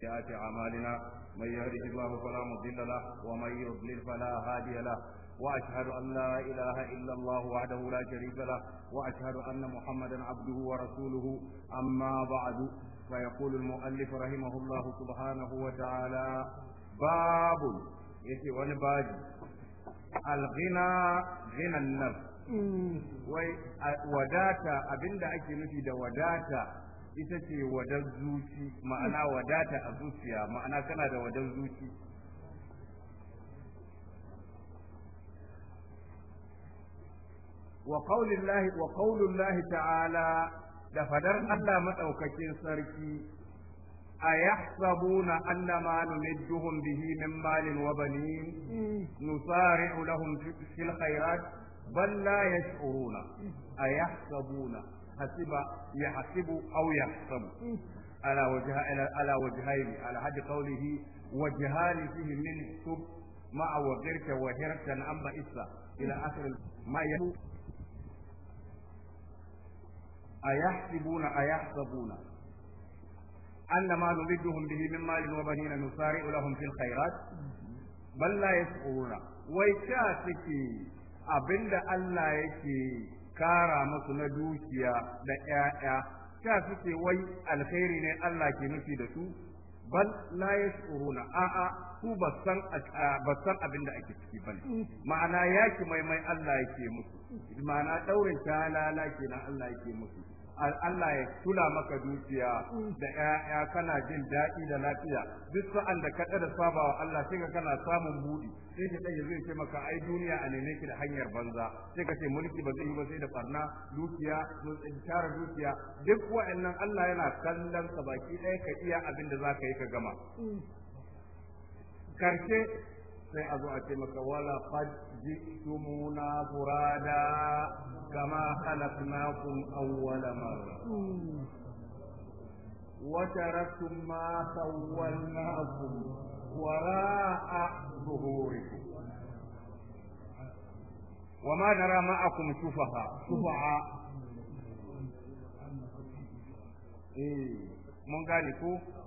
سيئات أعمالنا من يهده الله فلا مضل له ومن يضلل فلا هادي له وأشهد أن لا إله إلا الله وحده لا شريك له وأشهد أن محمدا عبده ورسوله أما بعد فيقول المؤلف رحمه الله سبحانه وتعالى باب يتي ونباج الغنى غنى النفس wai wadata abinda ake nufi da wadata ita ce wadar zuci ma'ana wadata a zuciya ma'ana kana da wadar zuci wa qaulin ta'ala da fadar allah matsaukakin sarki a yahsabuna annama numidduhum bihi min malin wa banin nusari'u lahum fil khairat bal la yash'uruna a yahsabuna hasiba ya hasibu aw yahsabu ala wajha ala wajhaini ala hadi qawlihi wajhani fihi min sub ma'a wadirka wa hirtan amma isa ila akhir ma yahu ayahsibuna ayahsabuna أن ما نمدهم به من مال وبنين نسارع لهم في الخيرات بل لا يشعرون ويشاتكي abinda Allah yake Kara masu na dukiya da ƴaƴa ta suke wai alkhairi ne Allah ke nufi da su bal la yashuruna a'a su ba san ba san abin da ake ciki bane ma'ana yaki mai Allah yake musu ma'ana daurin talala na Allah yake musu Allah ya tula maka dukiya da ƴaƴa kana jin daɗi da lafiya duk sa'an da ka da sabawa Allah sai ka kana samun buɗi sai ka ɗaya zai ce maka ai duniya a nene ki da hanyar banza sai ka ce mulki ba zai yi ba sai da farna dukiya tara dukiya duk wa'annan Allah yana kallon ka baki ɗaya ka iya abin da za ka yi ka gama mm. karshe sai a zo a ce maka wala qad ji'tumuna furada kama khalaqnakum awwala marra wa taraktum ma khawwalnakum wara'a zuhurikum وما نرى معكم شفعاء شفعاء إيه من قال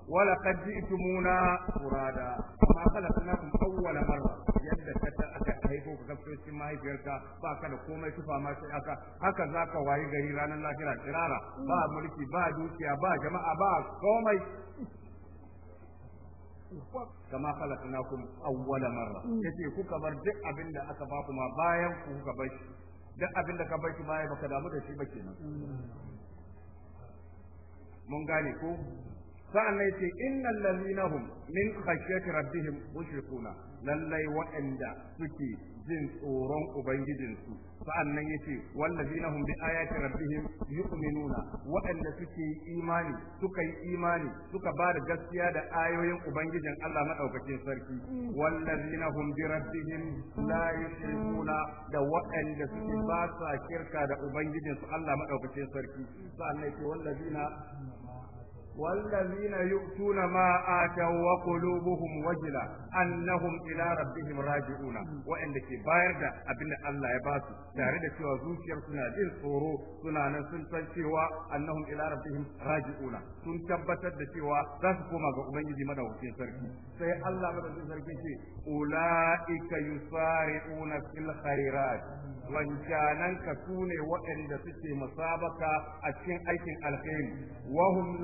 ولقد جئتمونا فرادا ما خلقناكم أول مرة yadda ka aka haifo ka kafto cikin ba ka da komai tufa ma sai aka haka za ka wayi gari ranar lahira kirara ba mulki ba dukiya ba jama'a ba komai kama khalaqnakum awwala marra yace kuka bar duk abin da aka ba kuma bayan ku kuka bar shi duk abin da ka bar shi baya baka damu da shi ba kenan mun gane ko sa'an nan yace innal ladina hum min khashyati rabbihim mushrikuna lallai waɗanda suke jin tsoron ubangijinsu sa'an nan yace wallazina hum bi ayati rabbihim yu'minuna waɗanda suke imani suka yi imani suka ba da gaskiya da ayoyin ubangijin Allah madaukakin sarki wallazina hum bi rabbihim la yushrikuna da waɗanda suke ba sa shirka da ubangijinsu Allah madaukakin sarki sa'an nan yace wallazina والذين يؤتون ما آتوا وقلوبهم وجلة أنهم إلى ربهم راجعون وإن لك بايرد أبن الله يباس تارد في زوشير يرسنا دين صورو سنة نسنة شوى أنهم إلى ربهم راجعون سن تبتد شوى تسكو ما قومين جدي مدى وكين سركي سي الله مدى سركي شي أولئك يسارعون في الخيرات wancanan ka su ne waɗanda suke musabaka a cikin aikin alkhairi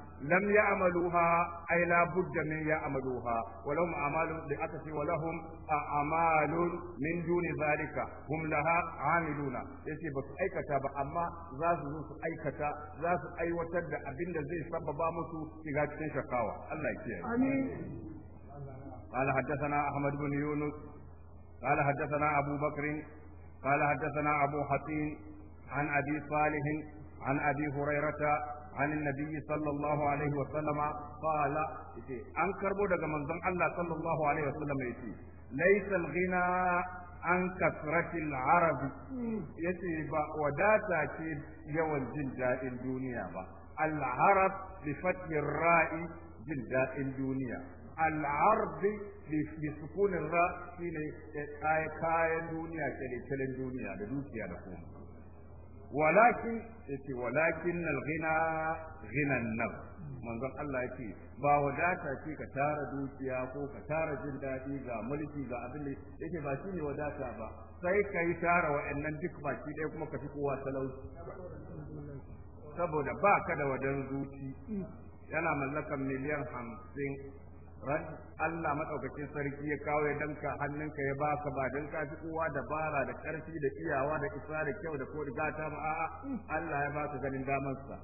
lam ya'maluha ay la budda min ya'maluha wa lahum a'malun bi akasi wa lahum min duni zalika hum laha amiluna ce ba su aikata ba amma za su zo su aikata za aiwatar da abin da zai sababa musu shiga cikin shakawa Allah ya kiyaye amin قال حدثنا أحمد بن يونس قال حدثنا أبو بكر قال حدثنا أبو حسين عن أبي صالح عن أبي هريرة عن النبي صلى الله عليه وسلم قال أن كربو دقا منزم الله صلى الله عليه وسلم يتي ليس الغنى عن كثرة العرب يتي وداتا كيد يوم جلداء الدنيا با العرب بفتح الراء جلداء الدنيا العرب بسكون الراء شيني كاية دنيا كلي كلي دنيا لدوكيا لكم walakin yace walakin al-ghina ghina an nafs manzon Allah yace ba wadata ce ka tara dukiya ko ka tara jin daɗi ga mulki ga abin da yake ba shi ne wadata ba sai ka yi tara wa'annan duk baki ɗaya kuma ka fi kowa talauci saboda ba ka da wadan zuci yana mallakan miliyan hamsin ran Allah madaukakin sarki ya kawo ya danka hannunka ya baka ba dan ka fi kowa da bara da karfi da iyawa da isa da kyau da ko da gata ba a'a Allah ya baka ganin sa.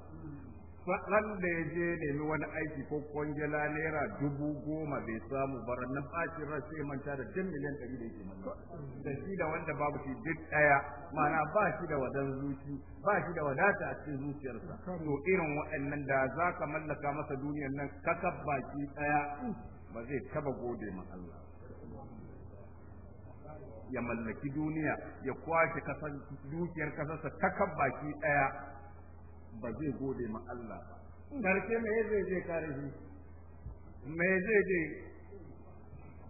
ran da ya je nemi wani aiki ko kwangila naira dubu goma bai samu ba na bacin ran sai manta da jan miliyan ɗari da yake manta da shi da wanda babu shi duk ɗaya mana ba shi da wadan zuci ba shi da wadata a cikin zuciyarsa to irin waɗannan da za ka mallaka masa duniyar nan kakab baki ɗaya ba zai taba gode ma Allah ya mallaki duniya ya kwashe kasar dukiyar kasarsa kan baki ɗaya ba zai gode ma Allah ba karke me zai je kare shi me zai je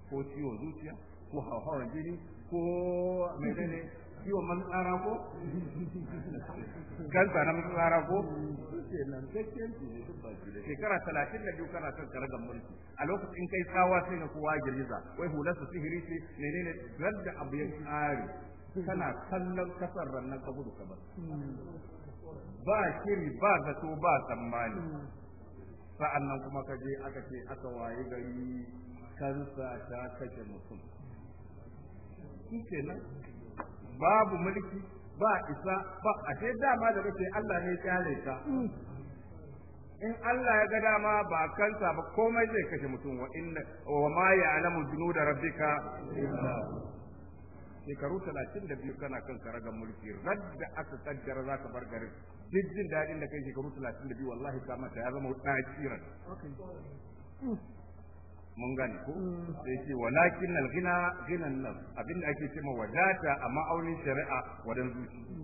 ko ciwo zuciya ko hauhawar jini ko mai ne ciwon matsara ko kansa na matsara ko ce nan kakken su ne duk baki da shekara talatin da biyu kana kan karagar mulki a lokacin kai tsawa sai na kowa girgiza wai hularsa sihiri ce menene ran da abu ya tsari kana kallon kasar rannan kabudu gudu ba shiri ba zato ba tsammani sa'annan kuma ka je aka ce aka waye gari kansa ta kashe mutum shi nan babu mulki ba isa ba a sai dama da kace Allah ne kyale ka in Allah ya ga dama ba kansa ba komai zai kashe mutum wa inna wa ma ya'lamu junuda rabbika illa shekaru talatin da biyu kana kan karagar mulki radda aka kaddara za ka bar garin duk jin daɗin da kai shekaru talatin da biyu wallahi ka mata ya zama wuta kiran mun gane ko sai ce walakin alghina ghina ghinan nan abinda ake cewa wadata a ma'aunin shari'a wadan zuci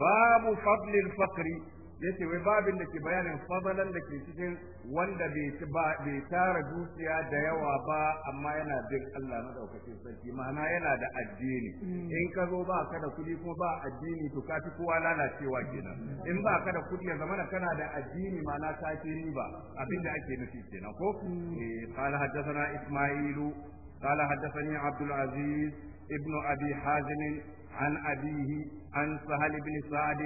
babu fadlil fakri yace wai babin da ke bayanin fadalan da ke cikin wanda bai bai tara dukiya da yawa ba amma yana bin Allah madaukakin sarki ma'ana yana da addini mm. in ka zo ba ka da kuɗi ko ba addini to ka fi kowa lalacewa kenan mm. in ba ka da kuɗi ya zama kana da addini ma'ana ka ba riba abinda ake nufi kenan ko mm. eh, qala حدثنا isma'ilu qala حدثني abdul aziz ibnu abi hazim an abihi an sahal ibn سعد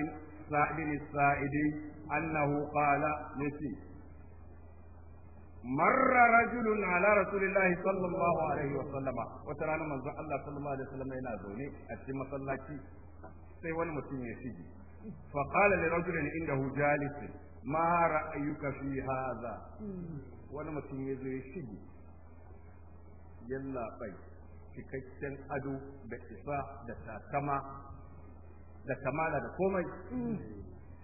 sa'id sa'idi annahu qala yasi marra rajulun ala rasulillah sallallahu alaihi wa sallama wata rana manzo Allah sallallahu alaihi wa yana zaune a cikin masallaci sai wani mutum ya shige fa qala li rajulin indahu mara ayyuka ra'ayuka fi hadha wani mutum ya zo ya shige yalla cikakken ado da isa da takama da kamala da komai mm.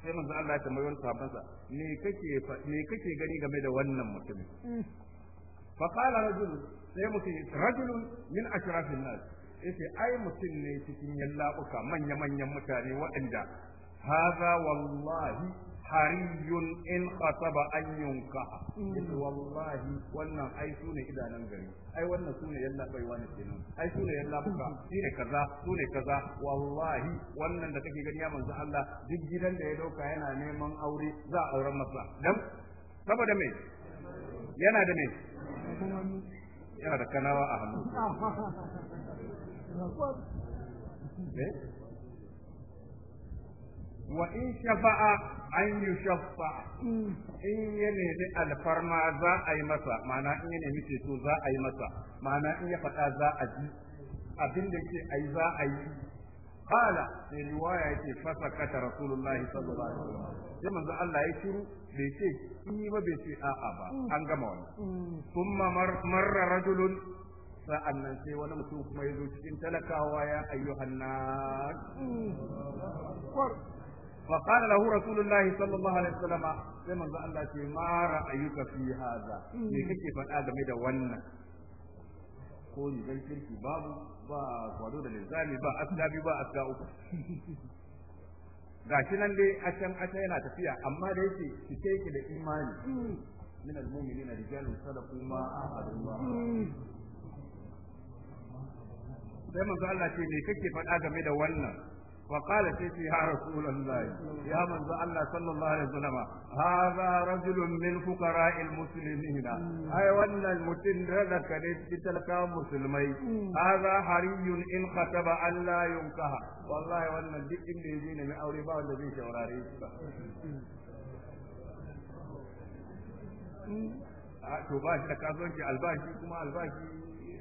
sai manzo Allah ya tambaye wani sahabbansa me kake me kake gani game da wannan mutumin mm. fa qala rajul sai mutum rajul min ashrafin nas yace ai mutum ne cikin yallabuka manya manyan mutane waɗanda hadha wallahi hariyun in khasaba an yunkaha yace wallahi wannan ai sune idanan gari ai wannan sune yalla bai wani kenan ai sune yalla buka shine kaza sune kaza wallahi wannan da kake gani ya manzo Allah duk gidan da ya dauka yana neman aure za auren masa saboda me yana da me yana da kanawa a hannu wa shafa'a an yi shafa in ya nemi alfarma za a yi masa mana in ya nemi ceto za a yi masa mana in ya faɗa za a ji abin da ke a yi za a yi kala sai riwaya yake fasa kata rasulullahi sallallahu alaihi wasallam sai manzo Allah ya shiru bai ce in yi ba bai ce a'a ba an gama wannan kuma marra rajulun nan sai wani mutum kuma ya zo cikin talakawa ya ayyuhan فقال له رسول الله صلى الله عليه وسلم sai manzo Allah ce ma ra'ayuka fi hada me kake faɗa game da wannan ko rigar kirki babu ba gwado da linzami ba asdabi ba asda da shi nan dai a can a can yana tafiya amma da yake cike ki da imani min almu'minina rijalun sadaqu ma ahadullah sai manzo Allah ce me kake faɗa game da wannan فقال سيتي يا رسول الله يا من الله صلى الله عليه وسلم هذا رجل من فقراء المسلمين اي وأن المتن ردك تلك مسلمي هذا حري ان خطب ان لا ينكها والله وأن الدك اللي من اوربا والذي شوراري to ba shi da kasuwanci albashi kuma albashi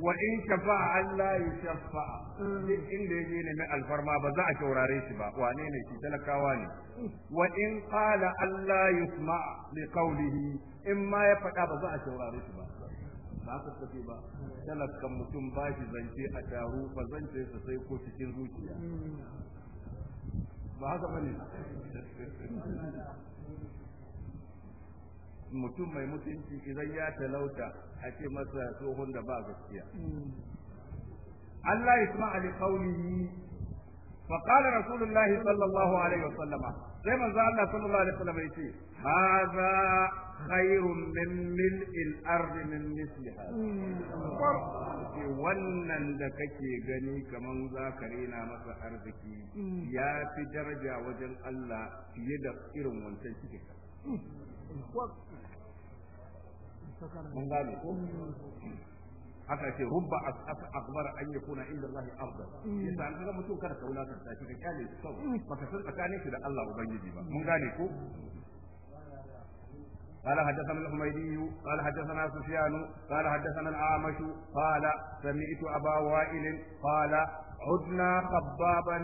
wa in shafa'a Allah ya shafa'a mm. inda ya je neman alfarma ba za a taurare shi ba wane ne shi talakawa ne mm. wa in qala Allah suma li qawlihi in ma ya faɗa ba za a taurare shi ba ba ka tafi ba talakan mutum ba shi zance a taru ba zance sa sai ko cikin zuciya mm. ba haka ba ne. mutum mai mutunci idan ya talauta a ce masa tsohon da ba gaskiya Allah isma ali alƙawlihi fa qala rasulullahi sallallahu alaihi wasallama sai manzo Allah sallallahu alaihi wasallama yace hadha khairun min mil'il ard min misliha wannan da kake gani kaman zaka rena masa arziki ya fi daraja wajen Allah fiye da irin wancan cikin haka ce rubba akbar an kuna inda Allah afdal yasa an ga mutum kada ka wulakanta shi ka kyale shi kawai baka san tsakanin shi da Allah ubangiji ba mun gane ko قال حدثنا الحميدي قال حدثنا سفيان قال حدثنا قال سمعت وائل قال عدنا خبابا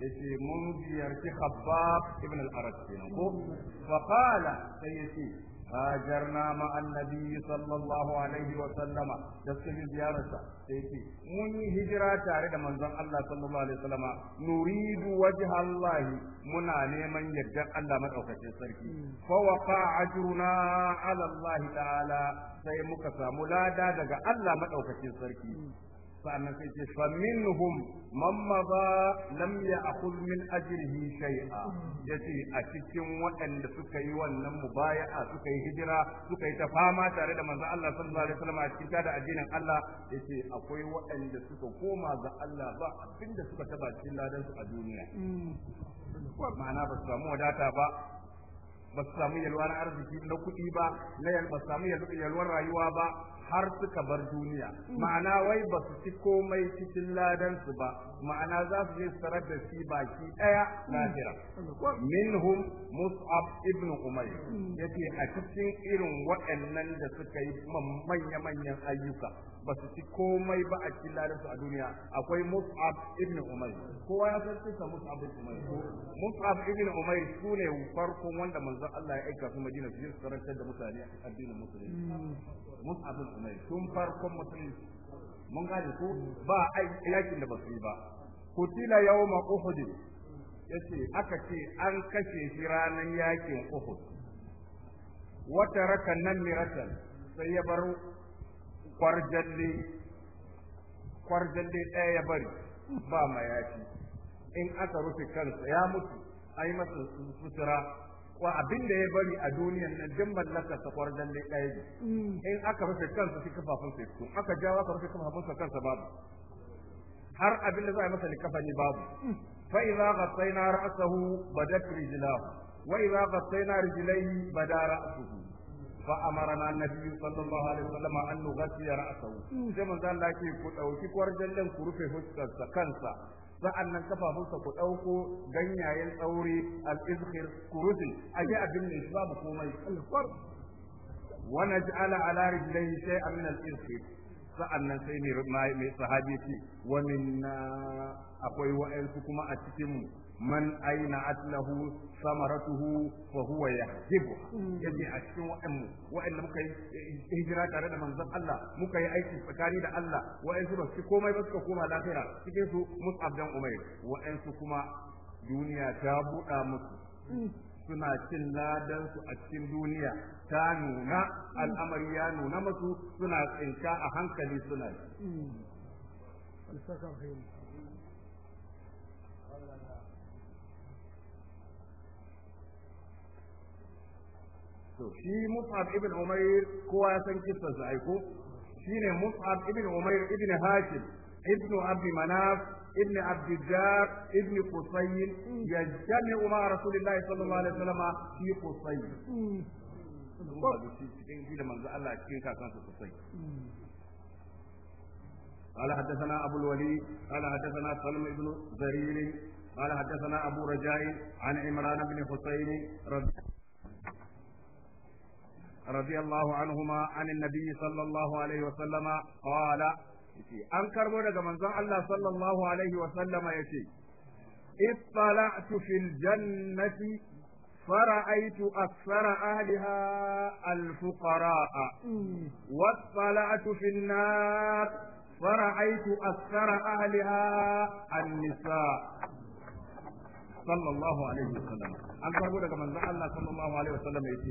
yace mun ziyarci Khabbab ibn al-Arat kenan ko fa qala sai yace hajarna ma annabi sallallahu alaihi wa sallama da suke ziyararsa sai yace mun yi hijira tare da manzon Allah sallallahu alaihi wa sallama nuridu wajha Allah muna neman yardar Allah madaukakin sarki fa waqa ajruna ala Allah ta'ala sai muka samu lada daga Allah madaukakin sarki sa'annan sai ce fa minhum man madha lam ya'khudh min ajrihi shay'a yace a cikin waɗanda suka yi wannan mubaya'a suka yi hijira suka yi ta fama tare da manzon Allah sallallahu alaihi wasallam a cikin da addinin Allah yace akwai waɗanda suka koma ga Allah ba abinda suka taba cikin ladan su a duniya ma'ana ba su samu wadata ba ba su samu yalwar arziki na kuɗi ba na ba su samu yalwar rayuwa ba har suka bar duniya ma'ana wai ba su ci komai cikin ladan su ba ma'ana za su je sarar da shi baki daya lahira minhum mus'ab ibn umayr yace a cikin irin waɗannan da suka yi manya-manyan ayyuka ba su ci komai ba a cikin ladansu a duniya akwai mus'ab ibn Umar kowa ya san kisa mus'ab ibn umair mus'ab ibn Umar su ne farkon wanda manzo Allah ya aika su Madina su yi karantar da mutane addinin musulunci hmm. mus'ab ibn Umar tun farkon musulunci mun gane ko ba yakin da ba su yi ba kutila yawma uhud yace aka ce an kashe shi ranan yakin uhud wata rakan nan miratan sai ya baro kwarjalle kwarjalle ɗaya ya bari ba mayafi in aka rufe kansa ya mutu a yi masa sutura wa abin da ya bari a duniyan nan duk mallakar sa kwarjalle ɗaya ne mm. in aka rufe kansa shi kafafun sai su aka jawo aka rufe kafafun sa kansa babu har abin da za a yi masa likafani babu mm. fa idza ghassayna ra'sahu badat rijlahu wa idza ghassayna rijlayhi badara ra'suhu فأمرنا النبي صلى الله عليه وسلم أن نغسل رأسه كما قال لك كتوكي كورجلن كروفي هسكا كنسا sa'annan kafafunsa ku ɗauko ganyayen tsauri al kurudin a ji abin ne babu komai wa naj'ala ala rijlaihi shay'an min al-izhir sa'annan sai ne mai sahabi ce wa minna akwai wa'ansu kuma a cikin mu man aina atlahu samaratuhu fa huwa yahjibu mm. yaji a cikin wa'anmu wa'anda muka yi hijira tare da manzon Allah muka yi aiki tsakani da Allah wa'ansu ba su komai ba suka koma lafiya cikin su Mus'ab dan Umair wa'ansu kuma duniya ta buɗa musu mm. suna cin ladansu a cikin duniya ta nuna al'amari ya nuna musu suna tsinka a hankali suna yi. Mm. to shi Mus'ab ibn Umair kowa ya san kissa sa aiko shine Mus'ab ibn Umair ibn Hakim ibn Abi Manaf ibn Abdijjar ibn Qusay yajma'u ma Rasulullah sallallahu alaihi wasallam fi Qusay da قال حدثنا أبو الوليد قال حدثنا سلم بن زرير قال حدثنا أبو رجاء عن عمران بن حسين رضي الله عنه رضي الله عنهما عن النبي صلى الله عليه وسلم قال أن كربو دغ منزون الله صلى الله عليه وسلم يتي اطلعت في الجنة فرأيت أكثر أهلها الفقراء واطلعت في النار فرأيت أكثر أهلها النساء sallallahu alaihi wasallam an daga manzon Allah sallallahu alaihi wasallam yace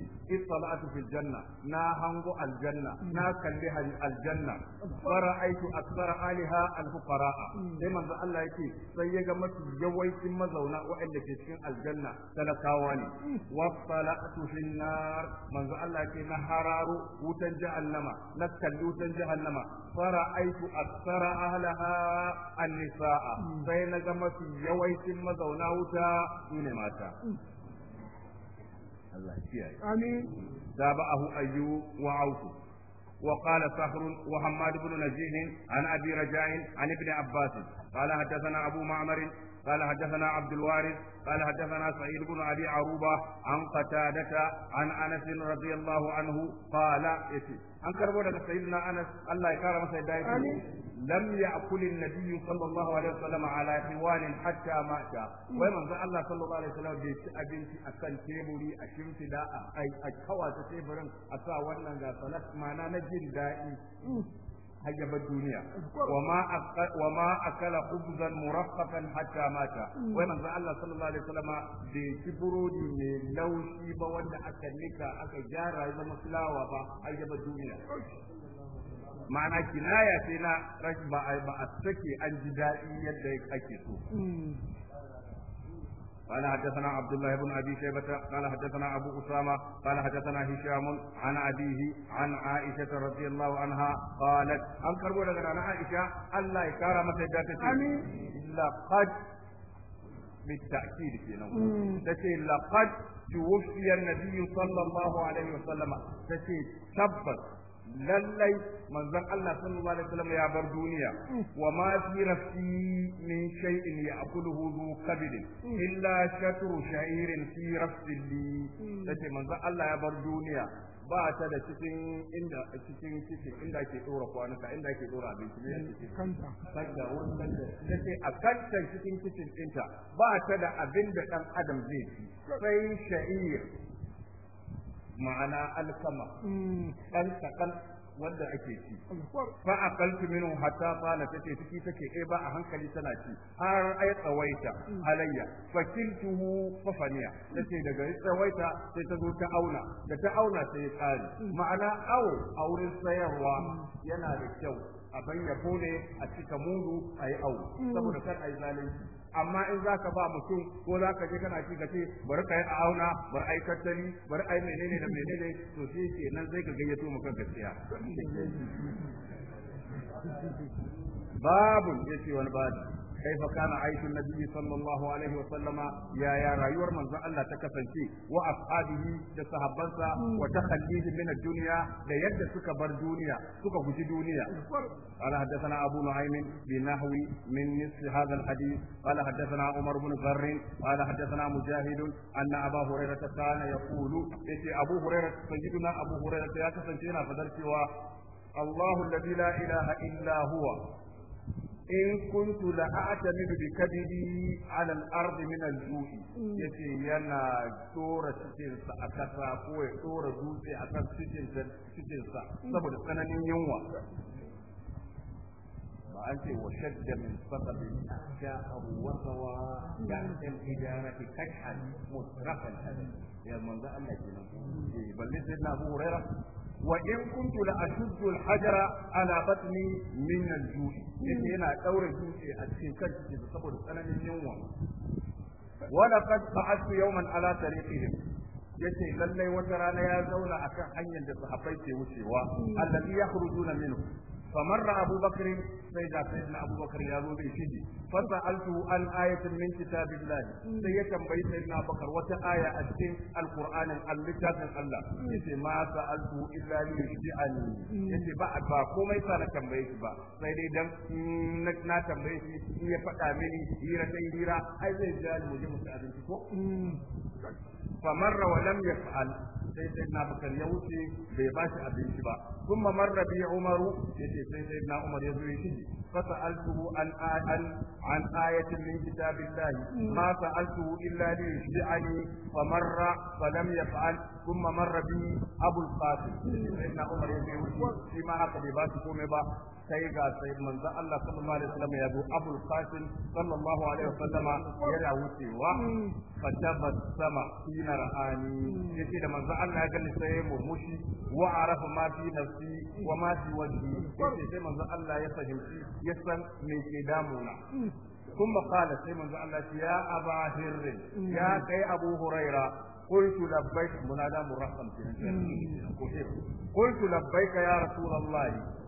fil janna na hango aljanna na kalli aljanna fara'aitu aksara aliha alfuqara'a sai manzon Allah yace sai ya ga mazauna ke cikin aljanna talakawa ne wa sala'tu fil nar manzon Allah yace na hararo wutan jahannama na kalli wutan jahannama fara'aitu aksara ahliha an-nisaa sai na ga mafi mazauna wutan wuta sune mata Allah kiyaye amin ahu ayu wa ausu وقال صخر وحماد بن نزيه عن ابي رجاء عن ابن عباس قال حدثنا ابو معمر قال حدثنا عبد الوارث قال حدثنا سعيد بن ابي عروبه عن قتاده عن انس رضي الله عنه قال سيدنا انس الله سيدنا lam ya'kul an-nabiy sallallahu alaihi wasallam ala hiwalin hatta mata wai manzo Allah sallallahu alaihi wasallam bai ci abinci akan teburi a shimfida a a kawata teburin a sa wannan ga salat mana na jin da'i hayyabar duniya wa ma akala khubzan muraffafan hatta mata wai manzo Allah sallallahu alaihi wasallam bai ci burodi mai laushi ba wanda aka nika aka gyara zama fulawa ba hayyabar duniya ma'ana kinaya sai na ba a sake an ji daɗi yadda ake so قال حدثنا عبد الله بن ابي شيبه قال حدثنا ابو اسامه قال حدثنا هشام عن ابيه عن عائشه رضي الله عنها قالت ان كربو daga عن عائشه Allah ya kara mata yadda take amin laqad بالتأكيد كنا تشي لقد توفي النبي صلى الله عليه وسلم تشي تبت lallai manzon Allah sallallahu alaihi wasallam ya bar duniya wa ma fi rafi min shay'in ya'kuluhu zu kabid illa shatru sha'irin fi rafsihi tace manzon Allah ya bar duniya ba ta da cikin inda cikin cikin inda ke dora kwanuka inda ke dora abinci ne cikin kanta kanta wannan da sai a kanta cikin cikin inta ba ta da abin da dan adam zai ci sai sha'ir ma'ana alkama dan hmm. kadan wanda ake ci fa aqaltu minhu hatta na tace ciki take eh ba a hankali tana ci har ai tsawaita hmm. alayya fa kintuhu fa faniya tace daga tsawaita sai ta zo ta auna da ta auna sai ya tsari hmm. ma'ana au aurin sayarwa yana da kyau a bayyabo ne a cika mulu a yi au saboda kar a yi zalunci amma in za ka ba mutum ko zaka je kana ci ce bari yi a auna bari ai kattani bari ai menene da menene to sai ke nan zai ka gayyato mu kan gaskiya babu yace wani babu كيف كان عيش النبي صلى الله عليه وسلم يا يا رايور من الله تكفنتي واصحابه تسحبنسا وتخليه من الدنيا da yadda suka bar duniya suka guji duniya قال حدثنا ابو نعيم بنحو من نصف هذا الحديث قال حدثنا عمر بن ذر قال حدثنا مجاهد ان ابا هريره كان يقول ابو هريره سيدنا ابو هريره يا كسنتي فدرتي الله الذي لا اله الا هو in kuntu la min bi kabidi ala al-ard min al-ju'i mm. yace yana dora cikin sa a kasa ko ya dora dutse a kan cikin sa cikin sa mm. saboda tsananin yunwa ba an ce wa shadda min saqabi sha'ahu wa sawa ya'tam mm. ijarati kashhan mutrafan hada ya manzo Allah nan eh, balle sai na Abu Hurairah وإن كنت لأشد الحجر على بطني من الجوع يعني هنا دور الجوع أتكين كنت تقول أنا من يوم ولقد بعثت يوما على طريقهم yace lallai wata rana ya zauna akan hanyar da sahabbai ke wucewa allazi yakhrujuna minhu فمر أبو بكر فإذا سيدنا أبو بكر يا ذو الشدي فسألته عن آية من كتاب الله سيكم بي سيدنا أبو بكر وتآية أشكين القرآن اللتاف الله يسي ما سألته إلا ليشجعني يسي بعد با كوما يسانا كم بيش با سيدي دم نكنا كم بيش هي فتا مني هيرا تيهيرا أي زي جال مجمع سألتكو famarra wa lam yaf'al sai sai na bakar ya wuce bai bashi abinci ba kuma marra bi umaru yace sai sai na umar ya zo ya shige فسألته عن عن عن آية من كتاب الله ما سألته إلا ليشجعني فمر فلم يفعل ثم مر بي أبو القاسم سيدنا عمر فيما هكذا يباتي كومي sai ga sai manzo Allah sallallahu alaihi wasallam ya zo Abul Qasim sallallahu alaihi wasallam yana wucewa fatabat sama hina ra'ani yace da manzo Allah ya gani sai murmushi wa arafa ma fi nafsi wa ma fi wajhi yace sai manzo Allah ya fahimci Yasan san me ke damuna kun makala sai manzo Allah ce ya aba hirri ya kai abu huraira qultu labbaik munada murassam ce ne qultu labbaik ya rasul Allah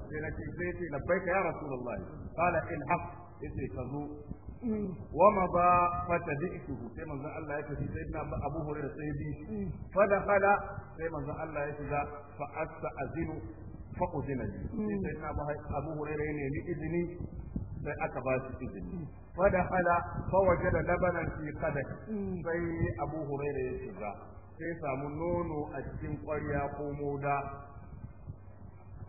sai sai ce labbaik ya rasul Allah qala in haq idri kazu wama ba fata da'itu sai manzo Allah ya ce sai ina abu huraira sai bi fa dakala sai manzo Allah ya ce fa asta azinu fa uzina li sai na ba Abu Hurairah ne ni izini sai aka ba shi izini fa da hala fa wajada labanan fi qadah sai Abu Hurairah ya shiga sai samu nono a cikin ƙwarya ko moda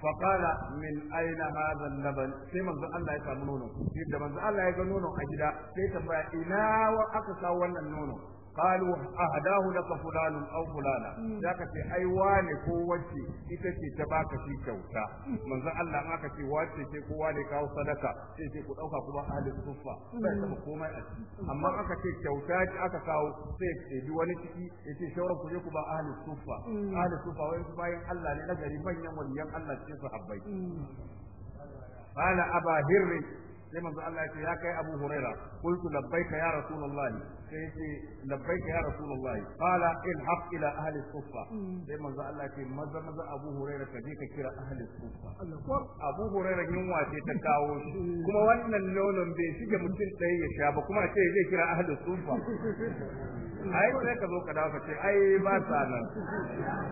فقال من اين هذا اللبن sai manzon Allah ya samu nono sai da manzon Allah ya ga nono a gida sai tambaya ina wa aka sa wannan nono قالوا أهداه لك فلان أو فلانا ذاك في أيوان قوتي إذا تباك في كوتا من ذا الله أنك في واتي في قوالي كاو صدقة في في قد أوكا كما أهل الصفة فإذا مقوما أسي أما أنك في كوتا أكا كاو سيف دواني تكي يتي شورا كجيكو با أهل الصفة أهل الصفة وإن سباين الله لنجري من يم وليم الله تشيسو حبيت قال أبا هر لما manzo الله ya ce ya kai قلت لبيك يا رسول الله sai ce labbaika ya rasulullah qala in haq ila ahli sufa mm. sai manzo Allah ce maza maza Abu huraira ka je ka kira ahli sufa Abu huraira yunwa ce ta kawo shi mm. kuma wannan lolon bai shige mutum ɗaya ya sha ba kuma sai ce zai kira ahli sufa ai sai ka zo ka dawo ka ce ai ba sa nan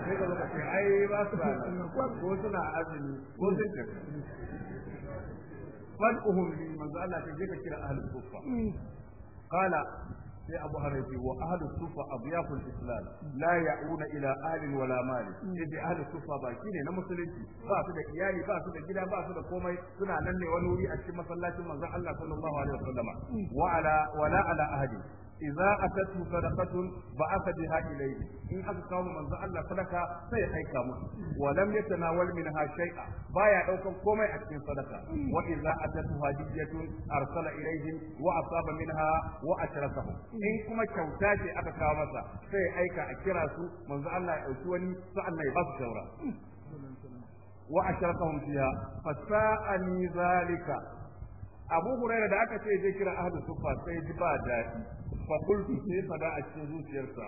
sai ka zo ka ce ai ba sa nan ko suna azumi ko sun tafi fad'uhum li manzo Allah ce je ka kira ahli suffa قال mm. sai abu harafi wa ahlu sufa abyaful islam la ya'una ila alin wala mali yace ahlu sufa baki ne na musulunci ba su da iyali ba su da gida ba su da komai suna nan ne wani wuri a cikin masallacin manzon Allah sallallahu alaihi wasallam wa ala wala ala ahadi idza atatu sadaqatun ba'atha biha ilayhi in aka kawo manzo Allah sadaka sai aika musu wa lam yatanawal minha shai'a baya daukan komai a cikin sadaka wa idza atatu hadiyatun arsala ilayhim wa asaba minha wa ashrafahum in kuma kyauta ce aka kawo masa sai aika a kira su manzo Allah ya wani sa'an ya ba su abu huraira da aka ce zai kira ahlu sufa sai ji ba daɗi fa qultu sai fada a cikin zuciyarsa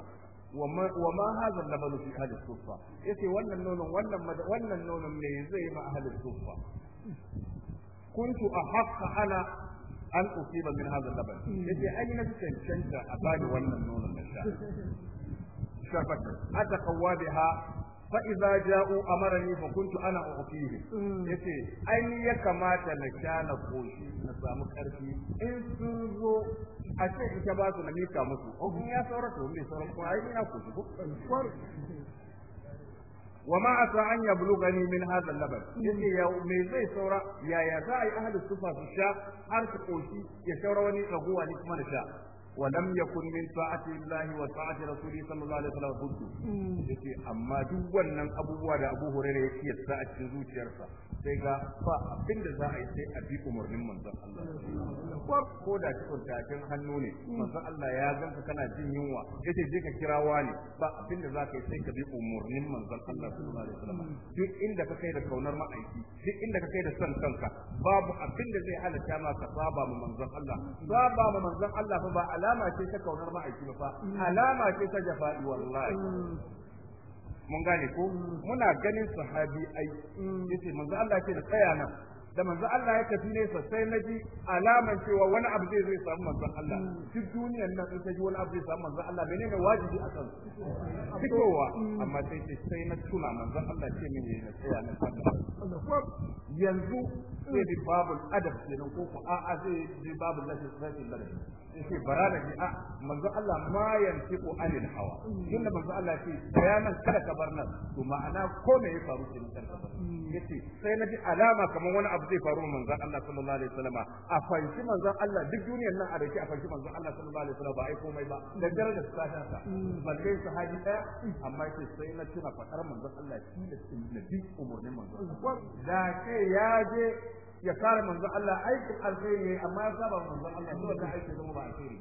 wa ma hadha al-labanu fi ahli sufa yace wannan nonon wannan wannan nonon me zai ma ahli sufa kuntu ahaqqa ana an usiba min hadha al-laban yace ai na cancanta a bani wannan nonon da sha shafaka ata biha fa iza ja'u amarani fa kuntu ana ufihi mm. yace ai ya kamata na sha na koshi na samu karfi in sun zo a ce in ta ba su na mika musu o ya saura to me saura ko ai ina koshi ko wa ma asa an ni min hadha laban yace ya me zai saura ya ya za ai ahli sufa su sha har su koshi ya saura wani raguwa ne kuma da sha ولم يكن من طاعة الله وطاعة رسوله صلى الله عليه وسلم بد yace amma duk wannan abubuwa da Abu Hurairah ya yasa a cikin zuciyarsa sai ga fa abinda za a yi sai a bi umarnin manzon Allah ko da cikin tafin hannu ne manzon Allah ya ganka kana jin yunwa yace je ka kira wani ba abinda za ka yi sai ka bi umarnin manzon Allah sallallahu alaihi wasallam duk inda ka kai da kaunar ma'aiki duk inda ka kai da son kanka babu abinda zai halatta ma ka saba mu manzon Allah saba mu manzon Allah fa ba alama ce ta kaunar ma'aiki ba fa, alama ce ta jafa'i wallahi mun gane ko mm. muna ganin sahabi ai in mm. yace manzo Allah ce da tsaya nan da manzo Allah ya tafi nesa sai na ji alaman cewa wani abu zai zai samu manzo Allah duk duniyar nan in ta ji wani abu zai samu manzo Allah menene wajibi a kan fitowa amma sai ce sai na tuna manzo Allah ce min ne tsaya na fada yanzu sai da babul adab kenan ko ko a'a zai ji babul lafi sai da yake bara da ji a manzo Allah ma yantiqu anil hawa inda manzo Allah ce bayanan kada ka bar nan to ma'ana ko me ya faru kenan kada ka bar yace sai na ji alama kamar wani abu abu zai faru manzon Allah sallallahu alaihi wasallam a manzon Allah duk duniyar nan a dake a fanshi manzon Allah sallallahu alaihi wasallam ba ai komai ba da darajar sashen sa balle sahabi daya amma sai na tuna fadar manzon Allah shi da nabi umurnin manzon Allah da ya je ya kare manzo Allah aikin alkhairi ne amma ya saba manzo Allah to wannan aikin zama ba alkhairi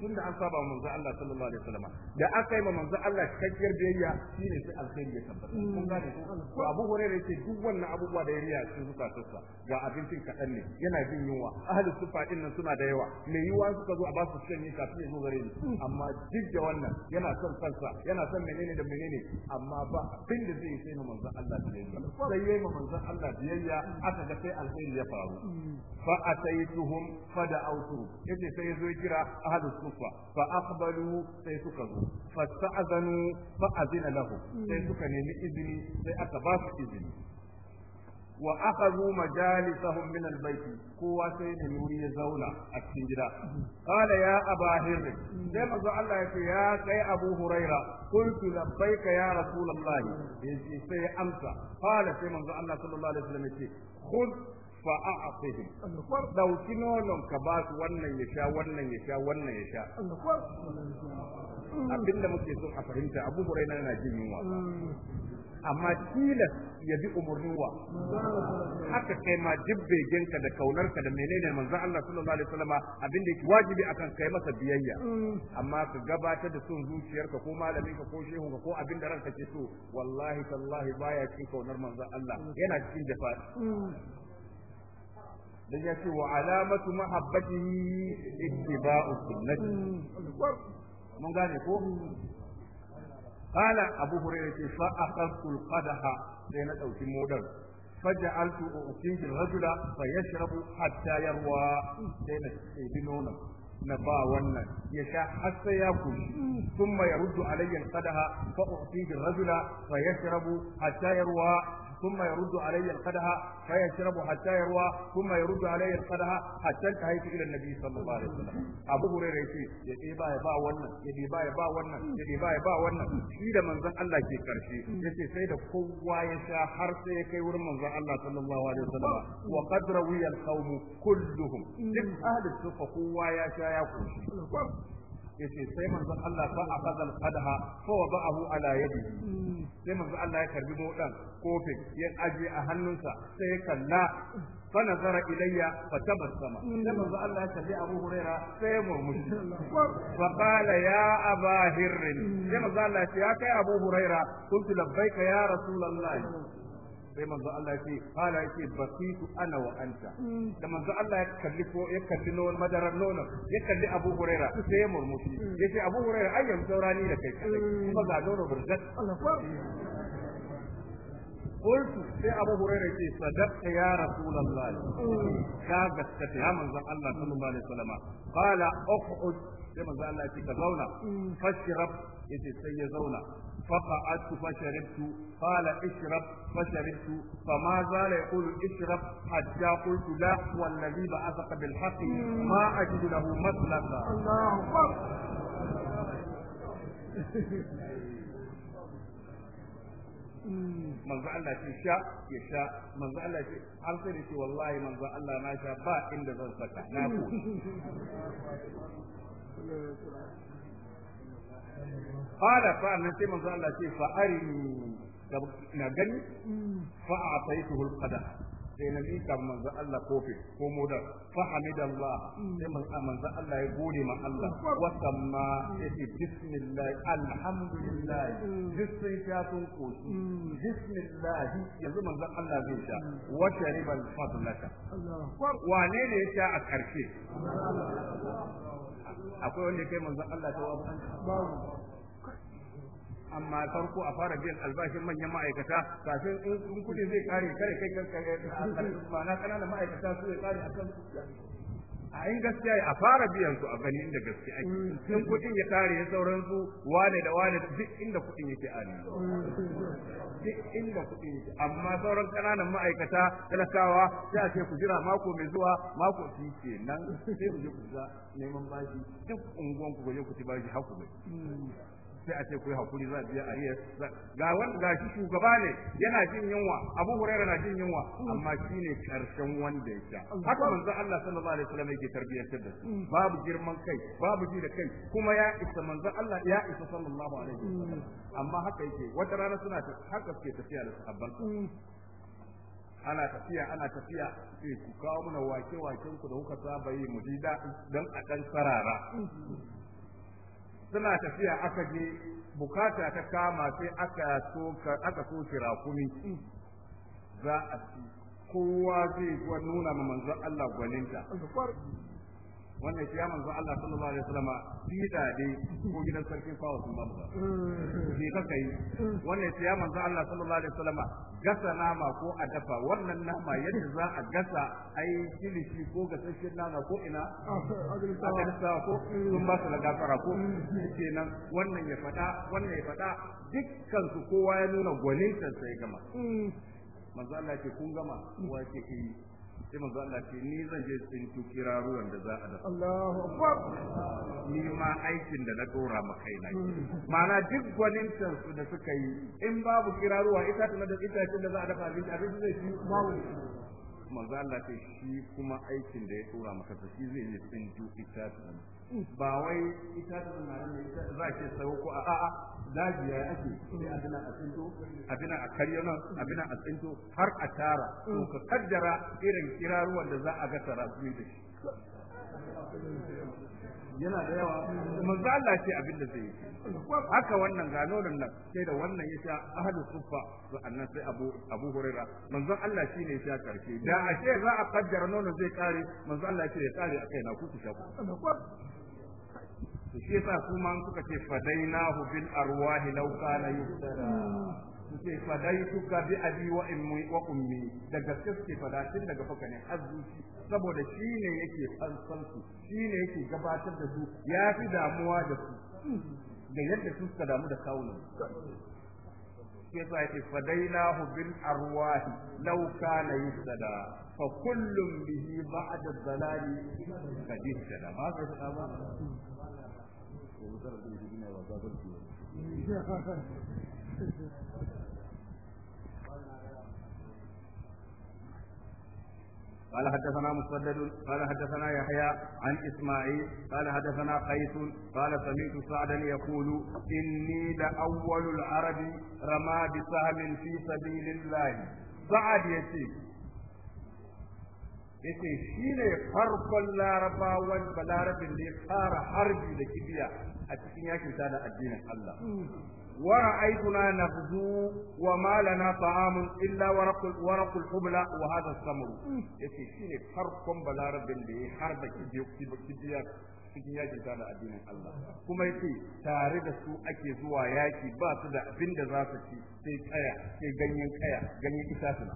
tun da an saba manzo Allah sallallahu alaihi wasallam da aka yi ma manzo Allah cikakkiyar biyayya shine sai alkhairi ya tabbata kun gane ko Abu Hurairah yake duk wannan abubuwa da ya riya su suka tsatsa ga abincin kadan ne yana jin yunwa ahli sufa din nan suna da yawa mai yiwuwa suka zo a ba su shan yin kafin ya zo gare ni amma duk da wannan yana son kansa yana son menene da menene amma ba abin da zai yi sai manzo Allah biyayya sai yayi manzo Allah biyayya aka ga sai alkhairi ya faru fa ataituhum fa da'awtu yace sai yazo kira ahadus sufa fa aqbalu sai suka zo fa sta'zanu fa azina lahu sai suka nemi izini sai aka ba su izini wa akhadhu majalisahum min albayt kowa sai ne nuri ya zauna a cikin gida qala ya aba sai manzo Allah ya ce ya kai abu huraira qultu labbayka ya rasulullah yace sai amsa qala sai manzo Allah sallallahu alaihi wasallam ya ce khudh fa a afihim dauki nonon ka ba su wannan ya sha wannan ya sha wannan ya sha abinda muke son a fahimta abu hurairah yana jin yunwa mm. amma tilas ya bi umarnin wa haka kai ma jibbegenka da kaunarka da menene manzo Allah sallallahu alaihi wasallam abinda da yake wajibi akan kai masa biyayya mm. amma ka gabatar da son zuciyarka ko malamin ka ko shehunka ko abinda ranka ke so wallahi tallahi baya cikin kaunar manzo Allah yana cikin jafa mm. dan ya ce wa alamatu mahabbatihi ittiba'u sunnati mun gane ko qala abu hurairah fa akhadtu al sai na dauki modan فجعلت أؤتيه الرجل فيشرب حتى يروى سينا سيدنونا نبا ونن يشاء حتى يأكل ثم يرد علي القدح فأعطيه الرجل فيشرب حتى يروى ثم يرد علي القدح فيشرب حتى يروى ثم يرد علي القدح حتى انتهيت الى النبي صلى الله عليه وسلم ابو هريره يقول يا با با wannan ya با ba ya ba wannan ya dai ba ya ba wannan shi da manzon Allah ke karshe yace sai da kowa ya sha har sai ya kai wurin manzon Allah sallallahu alaihi wasallam wa qad rawiya al kulluhum duk ahli sufa kowa ya sha ya koshi yace sai manzon Allah ba a fazal qadaha fa wada'ahu ala yadi sai manzon Allah ya karbi modan kofin ya aje a hannunsa sai ya kalla fa nazara ilayya fa tabassama sai manzon Allah ya kalli Abu Huraira sai ya murmushi fa qala ya Aba Hirr sai manzon Allah ya kai Abu Huraira kuntu labbaika ya Rasulullah sai manzo Allah ya ce qala yake basitu ana wa anta mm. da manzo Allah ya kalli ko ya kalli nonon madarar nonon ya kalli Abu Huraira sai ya murmushi mm. yace Abu Huraira ai yanzu saurani da kai mm. kuma ga nono burzat قلت يا أبو هريرة صدقت يا رسول الله كابت يا من الله صلى الله عليه وسلم قال أقعد يا من الله يتيك زونا فاشرب سي زونا فقعدت فشربت قال اشرب فشربت فما زال يقول اشرب حتى قلت لا والذي بعثك بالحق ما أجد له مثلك الله أكبر manzo Allah ce sha ya sha manzo Allah ce har sai da ce wallahi manzo Allah na sha ba inda zan saka na ku qala fa na sai manzo Allah ce fa arini na gani fa a'taytuhu al-qada sai na mika manzo Allah kofi ko moda fa hamidallah sai manzo Allah ya gode ma Allah wa samma yace bismillah alhamdulillah bismillah mm. ya sun koshi mm. bismillah yanzu manzo Allah zai sha mm. wa taribal fadlaka wane ne ya sha a karshe akwai wanda ya kai manzo Allah ta wa amma farko a fara biyan albashin manyan ma'aikata kafin in kudin zai kare kare kai kan ma'ana kanana ma'aikata su ya kare kan a in gaskiya a fara biyan su a gani inda gaskiya ake Sun mm. kudin ya kare ya sauran su wane da wane duk inda kudin yake a ne duk inda kudin yake amma sauran kananan ma'aikata talakawa sai a ce ku jira mako mai zuwa mako su ke nan sai ku je ku za neman bashi duk unguwan ku je ku ci bashi haku bai sai a ce ku yi hakuri za a biya a yi ga wanda ga shi shugaba ne yana jin yunwa Abu huraira na jin yunwa amma shine karshen wanda ya sha haka manzo Allah sallallahu alaihi wasallam yake tarbiyyantar da mm. babu girman kai babu ji da kai kuma ya isa manzo Allah ya isa sallallahu alaihi wasallam mm. amma haka yake wata rana suna haka suke tafiya da sahabban mm. ana tafiya ana tafiya sai eh, ku kawo mana wake waken ku da kuka saba yi mu ji dan a kan sarara suna tafiya aka je bukata ta kama sai aka soka aka soke rakumi za a ci kowa zai nuna ma manzon Allah gwaninta wannan shi ya manzo Allah sallallahu alaihi wasallam fida dai ko gidan sarkin fawo sun ba ba ne kaka yi wannan shi ya manzo Allah sallallahu alaihi wasallama gasa nama ko a dafa wannan nama yadda za a gasa ai kilishi ko gasasshen nama ko ina a gasa ko sun ba su da gafara ko kenan wannan ya fada wannan ya fada dukkan su kowa ya nuna gwanin sai gama manzo Allah ke kun gama kowa ce yi. Eh. sai manzo Allah ce ni zan je cikin tukira ruwan da za a dafa Allahu akbar ni ma aikin da na dora ma na mana duk gwanin su da suka yi in babu kiraruwa ita tana da ita da za a dafa abinci abinci zai fi babu manzo Allah ce shi kuma aikin da ya tura maka sa shi zai yi ita itatan ba wai itatan na nan ne za ke sau ko a a daji ya ake sai abina a tsinto abina a karyo nan abina a tsinto har a tara to ka kaddara irin kiraruwan da za a ga tarasu da shi yana da yawa manzo ce abin da zai yi haka wannan gano nan sai da wannan ya sha ahlus suffa sannan sai Abu Abu Hurairah Allah shine ya sha karshe da ashe za a kaddara nono zai kare manzo Allah ce ya kare akai na ku sha ku shi yasa suka ce fadainahu bil arwahi law kana suke fadai suka bi abi wa ummi wa ummi daga suke fadatin daga fakanin azuci saboda shi ne yake fansan shi ne yake gabatar da su ya fi damuwa da su da yadda su suka damu da kawunan ke sa yake fadainahu hubin arwahi na yi sada fa kullum bihi zalari dhalali da ba ka sada ba ko mutar da ba قال حدثنا مسدد قال حدثنا يحيى عن اسماعيل قال حدثنا قيس قال سمعت سعدا يقول اني لاول العرب رمى بسهم في سبيل الله سعد يسير yace shi ne farkon larabawan balarabin da ya fara harbi da kibiya a cikin yakin da addinin Allah ورأيتنا نغزو وما لنا طعام إلا ورق ورق الحبلى وهذا الثمر يتي شيني فرقم بلاربن دي حربك يكتب كتبيات cikin yakin da addinin Allah kuma yace tare da su ake zuwa yaki ba su da abin da za su ci sai kaya sai ganyen kaya ganyen itatuwa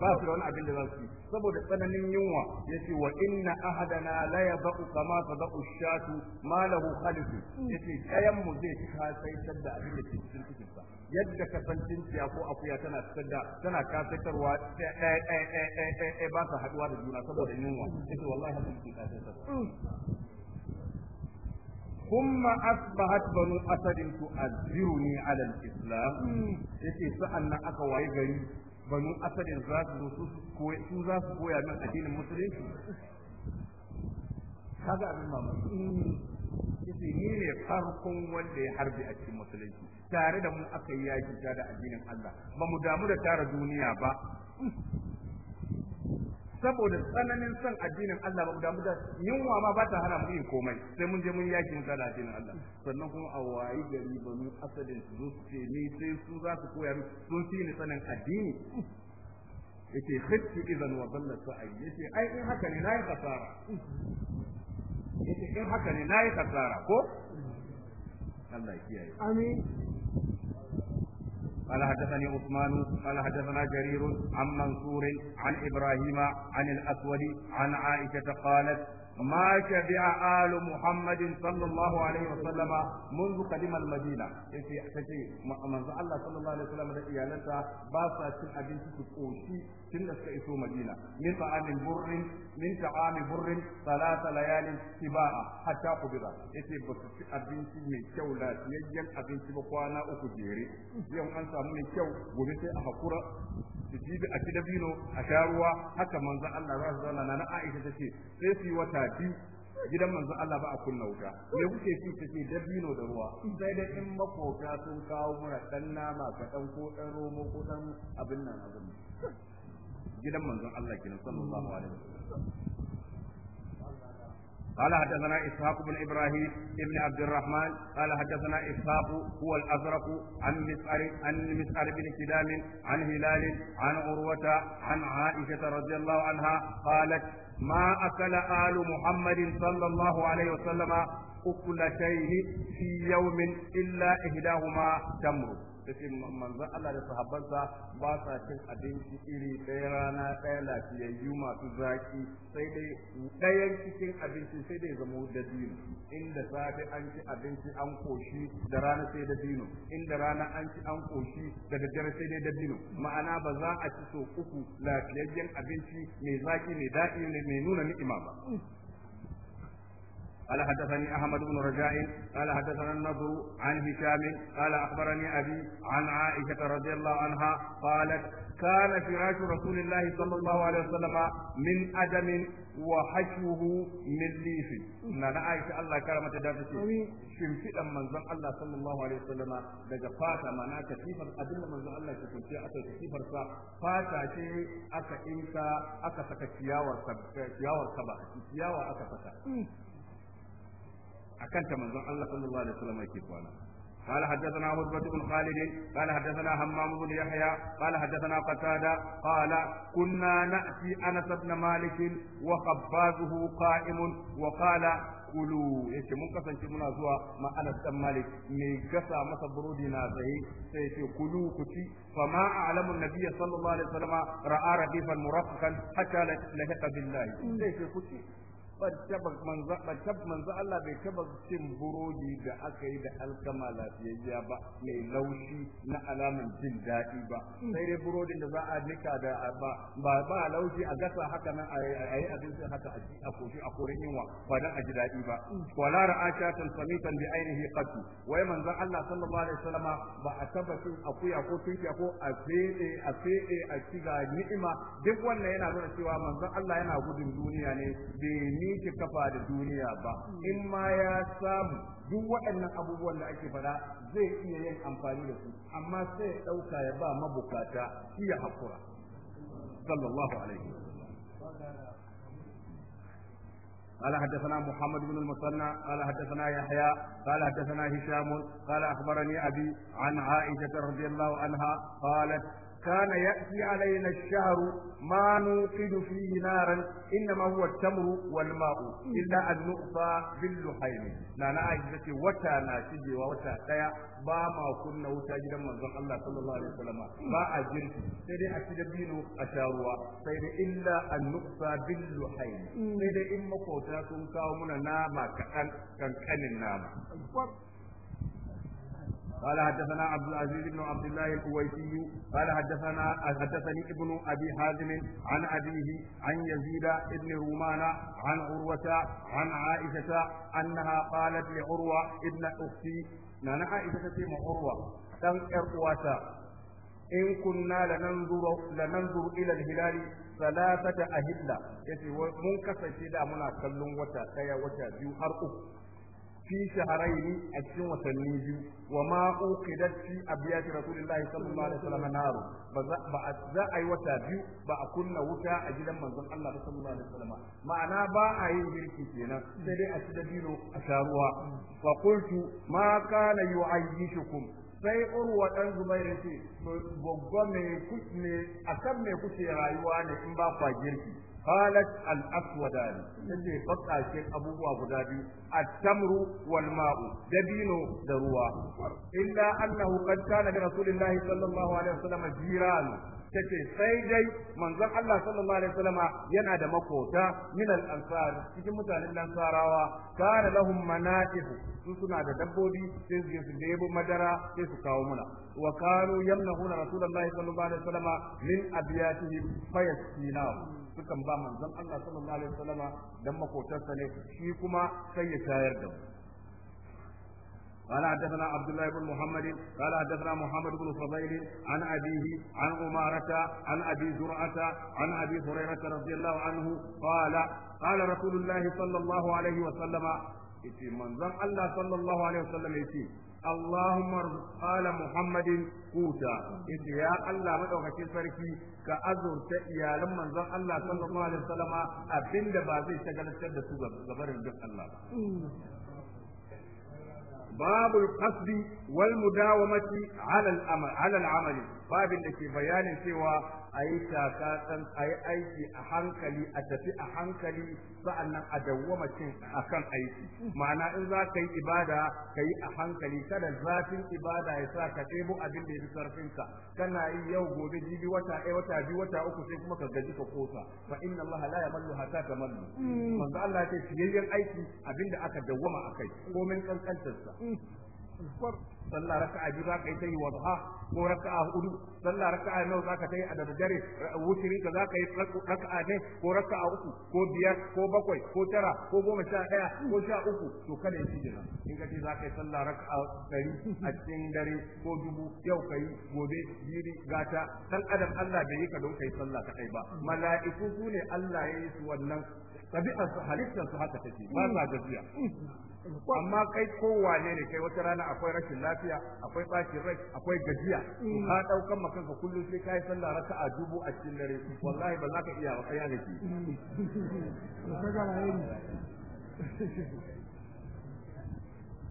ba su da wani abin da za su yi saboda tsananin yunwa ya ce wa inna ahadana la ya ba'u kama ta ba'u shatu ma lahu khalifu ya ce mu zai ci kasaitar da abin da ke cikin sa yadda kasancin ciya ko akuya tana fitar da tana kasaitarwa ɗaya ba su haɗuwa da juna saboda yunwa ya ce wallahi haka ke kasaitarwa ثم أصبحت بنو أسد تؤذرني على الإسلام يتي aka waye gari. banu asalin za su zo su za su koya min addinin musulunci kaga abin mamaki yace ni ne farkon wanda ya harbi a cikin musulunci tare da mu aka yi yaki da addinin Allah ba mu damu da tara duniya ba saboda tsananin son addinin Allah ba mu da yunwa ma ba ta hana mu yin komai sai mun je mun yaki mun kada addinin Allah sannan kuma a wayi gari ba mun asalin su su ce ni sai su za su koya sun fi ni sanin addini yake khatti idan wa dalla sa'i yace ai in haka ne nayi kasara yake in haka ne nayi kasara ko Allah ya kiyaye amin قال حدثني عثمان قال حدثنا جرير عن منصور عن ابراهيم عن الاسود عن عائشه قالت ما شبع آل محمد صلى الله عليه وسلم منذ قدم المدينة يتي منذ الله صلى الله عليه وسلم da iyalansa ba sa cin abinci su koshi tun da suka iso madina min ta'amin burrin min ta'ami burrin salata layalin tiba'a hatta kubira yace ba su ci abinci mai kyau lafiyayyen abinci ba kwana uku jere yau an samu mai kyau gobe sai a hakura su ji a ci dabino a sha ruwa haka manzo Allah ya na Aisha tace sai su yi wata biyu gidan manzon Allah ba a kunna wuta me kuke ci take dabino da ruwa sai dai in makota sun kawo mura dan nama ka dan ko dan romo ko dan abin nan abin gidan manzon Allah kenan sallallahu alaihi wasallam قال حدثنا اسحاق بن ابراهيم بن عبد الرحمن قال حدثنا اسحاق هو الازرق عن مسعر عن مسعر بن كدام عن هلال عن عروه عن عائشه رضي الله عنها قالت ما أكل آل محمد صلى الله عليه وسلم أكل شيء في يوم إلا إحداهما تمر tace manzon Allah da sahabbansa ba sa cin abinci iri ɗaya rana ɗaya lafiyayyu masu zaki sai dai ɗayan cikin abinci sai dai zama da dino inda safe an ci abinci an koshi da rana sai da dino inda rana an ci an koshi da daddare sai dai da dino ma'ana ba za a ci so uku lafiyayyen abinci mai zaki mai daɗi mai nuna ni'ima ba قال حدثني احمد بن رجاء قال حدثنا النضر عن هشام قال اخبرني ابي عن عائشه رضي الله عنها قالت كان فراش رسول الله صلى الله عليه وسلم من ادم وحشوه من ليف نانا عائشه الله كرمت ذاتك شمفدا منزل الله صلى الله عليه وسلم daga fata mana katifar abin da manzon Allah ke kunce aka katifar sa fata ce aka inka aka saka ciyawar sa ciyawar sa ba ciyawa aka saka akan ta manzon Allah sallallahu alaihi wasallam yake kwana قال حدثنا عتبة بن خالد قال حدثنا همام بن يحيى قال حدثنا قتادة قال كنا نأتي أنس بن مالك وخبازه قائم وقال kulu yace mun kasance muna zuwa ma dan Malik mai gasa masa burodi na tsaye sai yace kulu ku ci fa ma a'lamu nabiyyi sallallahu alaihi wasallam ra'a radifan muraqqan hatta lahiqa billahi sai yace ku ci manzo Allah bai taba cin burodi da aka yi da alkama lafiyayya ba mai laushi na alaman jin daɗi ba sai dai burodin da za a nika da ba ba laushi a gasa haka nan a yi abinci haka a ji a koshi a korin yunwa ba dan a ji daɗi ba wala ra'aka tan samitan bi ainihi qati wai manzo Allah sallallahu alaihi wasallama ba a taba cin akuya ko tunkiya ko a fede a fede a ci ciga ni'ima duk wannan yana nuna cewa manzo Allah yana gudun duniya ne bai miƙe kafa da duniya ba in ma ya samu duk waɗannan abubuwan da ake faɗa zai iya yin amfani da su amma sai ya ɗauka ya ba mabukata iya haƙura sallallahu alaihi قال حدثنا محمد بن المثنى قال حدثنا يحيى قال حدثنا هشام قال اخبرني ابي عن عائشه رضي الله عنها قالت كان يأتي علينا الشهر ما نوقد فيه نارا إنما هو التمر والماء إلا أن نؤفى باللحيم نانا عجزتي وتا ناشجي ووتا تيا ما كنا وتا من ذلك الله صلى الله عليه وسلم ما أجرتي سيدي أتدبين أشاروا سيدي إلا أن نؤفى باللحيم سيدي إما قوتنا سنكاو من ناما كأن كان كان الناما قال حدثنا عبد العزيز بن عبد الله الكويتي قال حدثنا حدثني ابن ابي حازم عن ابيه عن يزيد بن رومان عن عروه عن عائشه انها قالت لعروه ابن اختي نانا عائشه تسمى عروه دان ار in kunna lananzuru ila al-hilali salatata ahilla yace mun kasance da muna kallon wata daya wata biyu har uku fi shahrayn a cikin watanni biyu wa ma uqidat fi abiyati rasulillahi sallallahu alaihi wasallam naru ba za a yi wata biyu ba a kunna wuta a gidan manzon Allah sallallahu alaihi wasallam ma'ana ba a yin girki kenan sai dai a ci dabino a sha ruwa fa qultu ma kana yu'ayyishukum sai urwa dan zubair ce goggo me kuke akan me kuke rayuwa ne in ba kwa girki قالت الأسودان اللي بقى شيء أبوه أبو دابي التمر والماء دبين دروا إلا أنه قد كان لرسول الله صلى الله عليه وسلم جيران take sai dai manzon Allah sallallahu alaihi wasallama yana da makota min al-ansar cikin mutanen lansarawa kana lahum manaqib su suna da dabbobi sai su je su debo madara sai su kawo muna wa kanu yamnahuna rasulullahi sallallahu alaihi wasallama min abiyatihi fayasinahu sukan ba manzon Allah sallallahu alaihi wasallama dan makotarsa ne shi kuma sai ya shayar da mu قال حدثنا عبد الله بن محمد قال حدثنا محمد بن فضيل عن أبيه عن أمارة عن أبي زرعة عن أبي هريرة رضي الله عنه قال قال رسول الله صلى الله عليه وسلم من ذن الله صلى الله عليه وسلم يتي اللهم قال محمد قوتا إذ يا الله مدوكا سركي كأزر تأيا لما انزل الله صلى الله عليه وسلم أبن دبازي شغل الشد سوغا غفر الله باب القصد والمداومة على العمل على العمل babin da ke bayanin cewa a yi takatsan a yi aiki a hankali a tafi a hankali sa'annan a dawwama cin a kan aiki ma'ana in za ka yi ibada ka yi a hankali kada zafin ibada ya sa ka ɗebo abin da ya fi sarfinka kana yi yau gobe jibi wata ɗaya wata biyu wata uku sai kuma ka gaji ka kosa fa inna Allah la yamallu hatta tamallu hmm. manzo Allah ya ce fiyayyen aiki abin da aka dawwama akai komin kankantarsa hmm. sallah raka'a biyu za ka yi ta yi wadha ko raka'a hudu sallah raka'a nawa za ka ta yi a daddare wutiri ka za ka yi raka'a ne ko raka'a uku ko biyar ko bakwai ko tara ko goma sha ɗaya ko sha uku to kada ya shige nan in ka ce za ka yi sallah raka'a a cikin dare ko dubu yau ka yi gobe jiri gata san adam Allah bai yi ka don ka yi sallah kaɗai ba mala'iku su ne Allah ya yi su wannan tabi'ar halittar su haka take ba sa gajiya amma kai wane ne kai wata rana akwai rashin lafiya akwai bacin rai akwai gajiya mm. ka daukan ka kullum sai kai sallah a dubu a cikin dare wallahi ba za ka iya ba yana ki gaji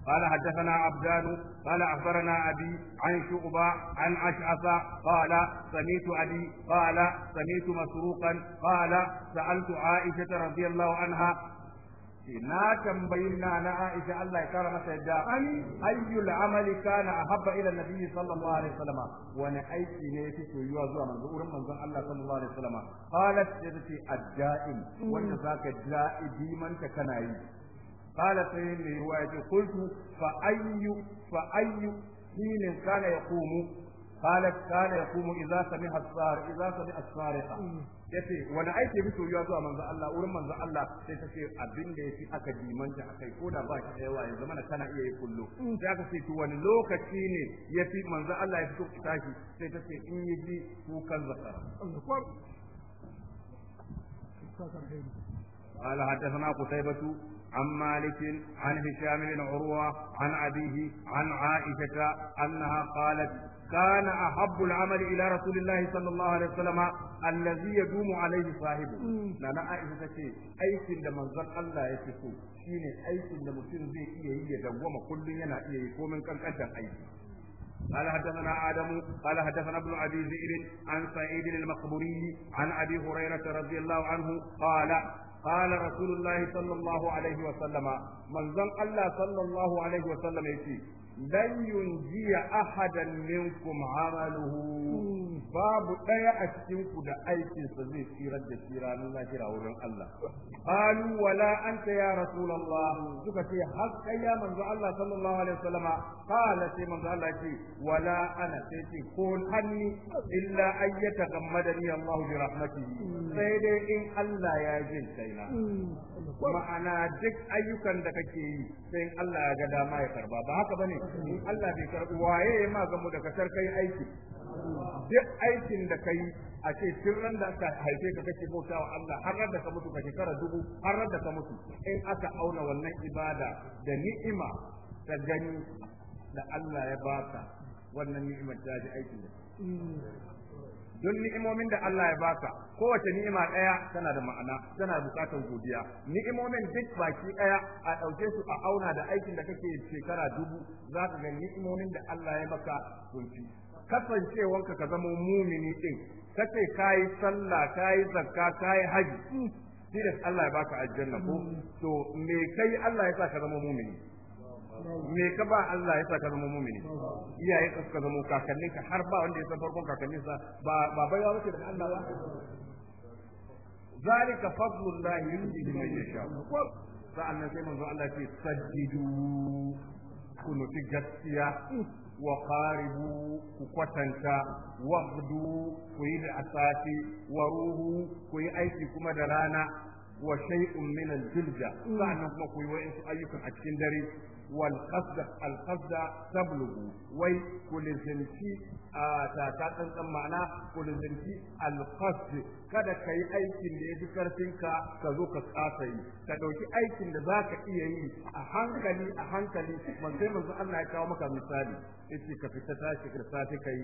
قال حدثنا عبدان قال أخبرنا أبي عن شعبة عن أشعث قال سميت أبي قال سميت مسروقا قال سألت عائشة رضي الله عنها na tambayi na na Aisha Allah ya kara masa yadda an ayyul amali kana ahabba ila nabi sallallahu alaihi wasallam wani aiki ne yake soyuwa zuwa manzo wurin manzon Allah sallallahu alaihi wasallam qalat yadati ad wanda zaka da'i man ta kana yi قالت سيدي رواية قلت فأي فأي حين كان يقوم قالت كان يقوم إذا سمع الصارخ إذا سمع الصارخة yace wani aiki bi soyuwa zuwa manzo Allah wurin manzo Allah sai ta ce abin da yake aka dimanta akai ko da ba shi da yawa ya zamana kana iya yi kullu mm. sai aka ce to wani lokaci ne yafi manzo Allah ya fito tashi sai ta ce in yi ji kukan zakara قال حدثنا قتيبة عن مالك عن هشام بن عروة عن أبيه عن عائشة أنها قالت كان أحب العمل إلى رسول الله صلى الله عليه وسلم الذي يدوم عليه صاحبه لأن عائشة تشي أيش لما زل الله يتكو شيني أيش لما تنزي إيه يدوم كل ينا إيه يقوم كان كان أيش قال حدثنا آدم قال حدثنا ابن أبي زئر عن سعيد المقبوري عن أبي هريرة رضي الله عنه قال قال رسول الله صلى الله عليه وسلم من زن الله صلى الله عليه وسلم يتي lan yunjiya ahadan minkum amaluhu babu daya a cikin ku da aikinsa zai tsirar da tsira na lahira wurin Allah qalu wala anta ya rasulullah suka ce har kai ya manzo Allah sallallahu alaihi wasallama qala sai manzo Allah ce wala ana sai ce ko hannu, illa ayyata gammadani Allah bi rahmatihi sai dai in Allah ya jin kaina ma'ana duk ayyukan da kake yi sai Allah ya ga dama ya karba ba haka bane in Allah bai karɓi waye ya ma gamu da kasar kai aiki duk aikin da kai a ce tun ran da aka haife ka kake bauta wa Allah har da ka mutu ka shekara dubu har da ka mutu in aka auna wannan ibada da ni'ima ta gani da Allah ya baka wannan ni'imar ta ji aikin da don ni'imomin da Allah ya baka kowace ni'ima ɗaya tana da ma'ana tana bukatar godiya ni'imomin duk baki ɗaya a ɗauke su a auna da aikin da kake shekara dubu za ka ga ni'imomin da Allah ya maka sun fi kasancewanka ka zama mumini din kace kayi sallah kayi zakka kayi haji shi Allah ya baka aljanna ko mm. to me kai Allah ya sa ka zama mumini me ka ba Allah ya saka zama mumini iyaye ka suka zama kakannin ka har ba wanda ya san farkon kakannin sa ba ba baiwa wace da Allah ba zalika fadlullahi yutihi man yasha sa'annan sai manzo Allah ce sajidu kunu fi gaskiya wa qaribu ku kwatanta hudu ku yi da asati wa ruhu ku yi aiki kuma da rana wa shay'un min al-jilda nan kuma ku yi wa'in ayyukan a cikin dare wal qasda al wai kulizanci a takatan san ma'ana kulizanci al qasd kada kai aikin da yafi karfin ka ka zo ka kasa yi ka ɗauki aikin da za ka iya yi a hankali a hankali manzo manzo Allah ya kawo maka misali yace ka fita tashi ka safe kai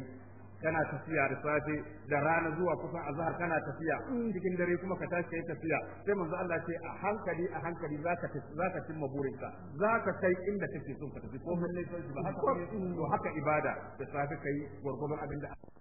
kana tafiya da safe da rana zuwa kusan azhar kana tafiya mm. cikin dare kuma ka tashi kai tafiya sai manzo Allah ce a hankali a hankali zaka zaka cimma burinka zaka kai inda kake son ka tafi ko mun ne ba haka haka ibada da safe kai gurgurdan abinda